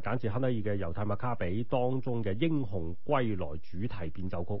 簡直亨德爾嘅猶太麥卡比當中嘅英雄歸來主題變奏曲。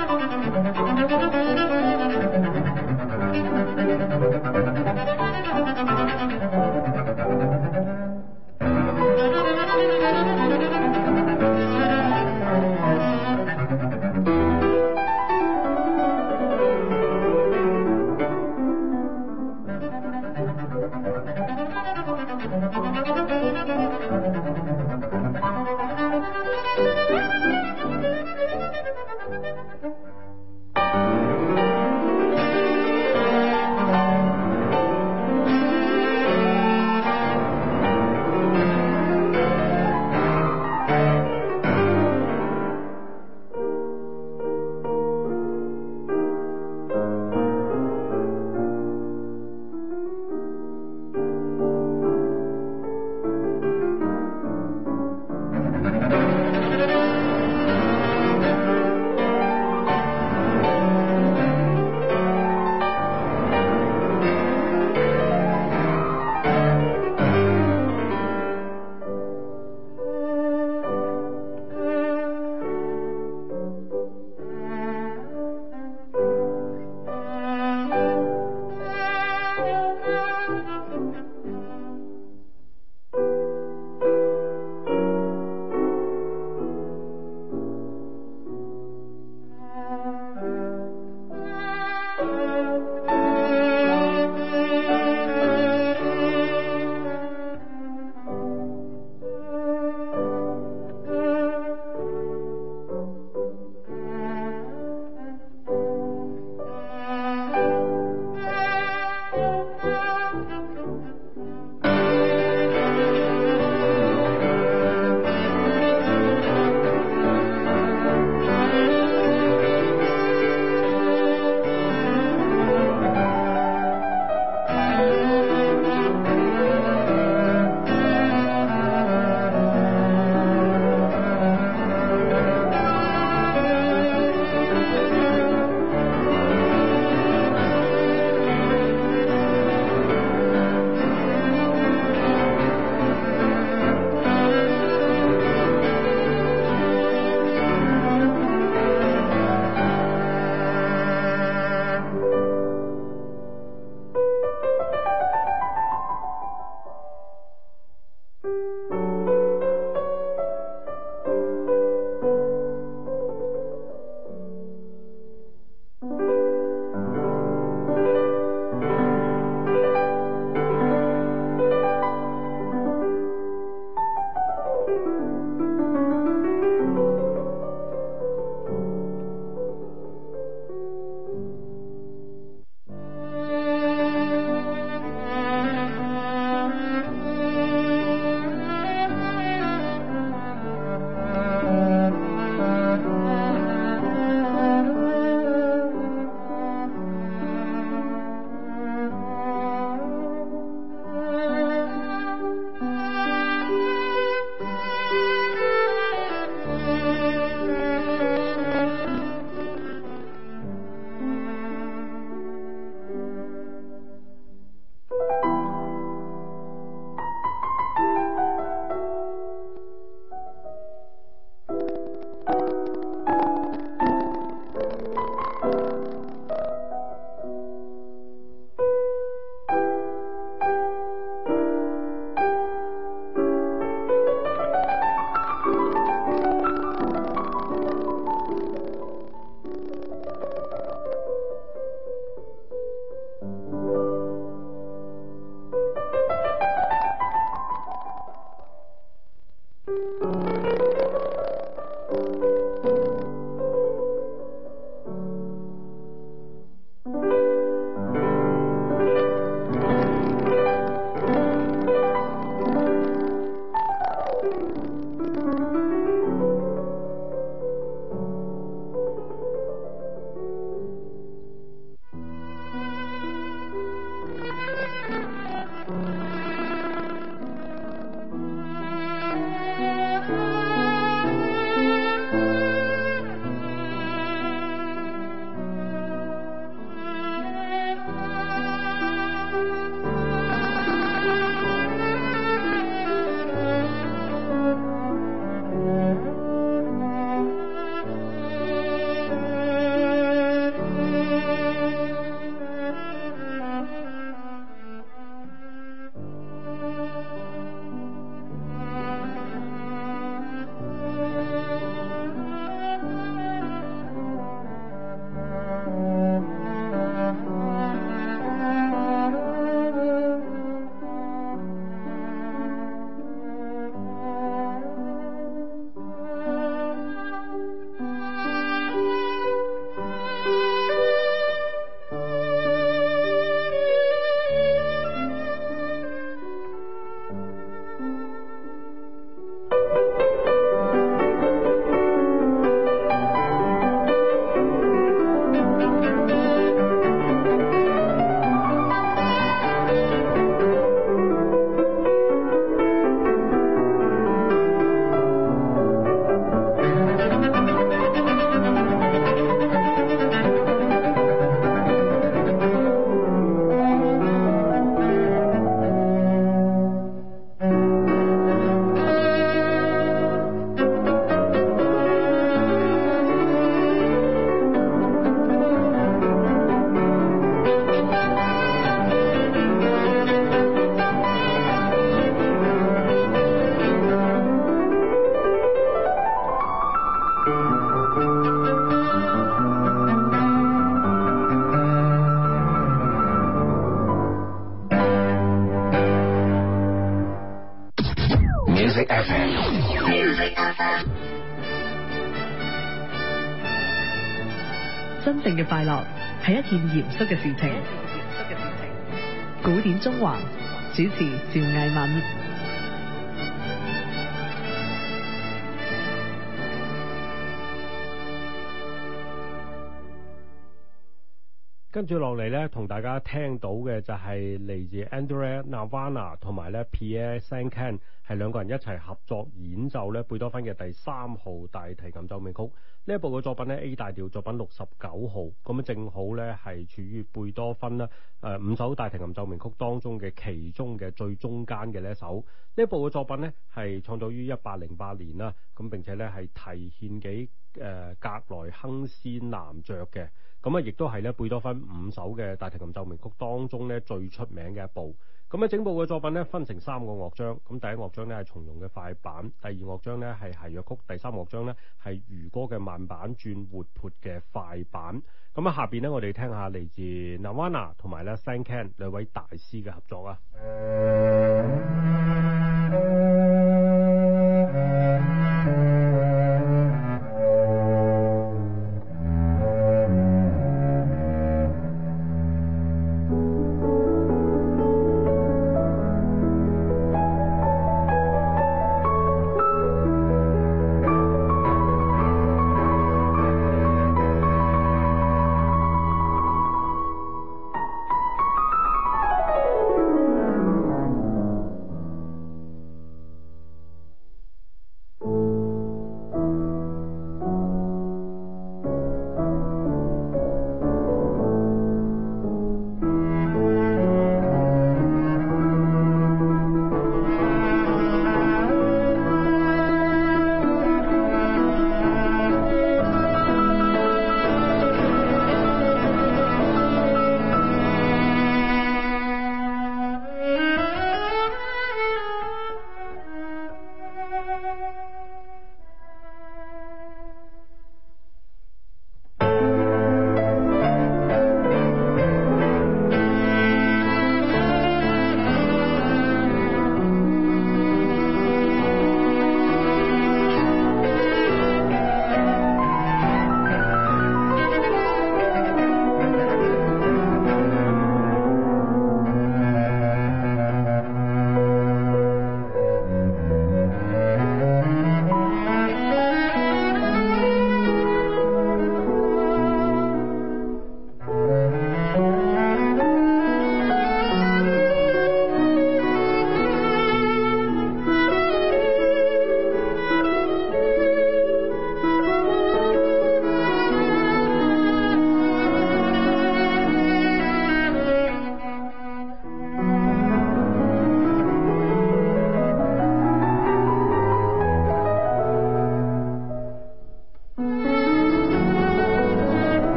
係一件嚴肅嘅事情。嚴肅嘅事情。古典縱橫主持趙藝敏。跟住落嚟呢，同大家聽到嘅就係嚟自 Andrea Navana 同埋咧 Pierre Saint Can，係兩個人一齊合作演奏咧貝多芬嘅第三號大提琴奏鳴曲。呢一部嘅作品呢 A 大調作品六十九號，咁正好呢係處於貝多芬啦誒五首大提琴奏鳴曲當中嘅其中嘅最中間嘅呢一首。呢一部嘅作品呢，係創作於一八零八年啦，咁並且呢係提獻幾。誒格萊亨斯男爵嘅，咁啊亦都係咧貝多芬五首嘅大提琴奏鳴曲當中咧最出名嘅一部。咁啊整部嘅作品咧分成三個樂章，咁第一樂章咧係從容嘅快板，第二樂章咧係諧謔曲，第三樂章咧係如歌嘅慢板轉活潑嘅快板。咁啊下邊咧我哋聽下嚟自 Nawana 同埋咧 San Ken, 兩位大師嘅合作啊。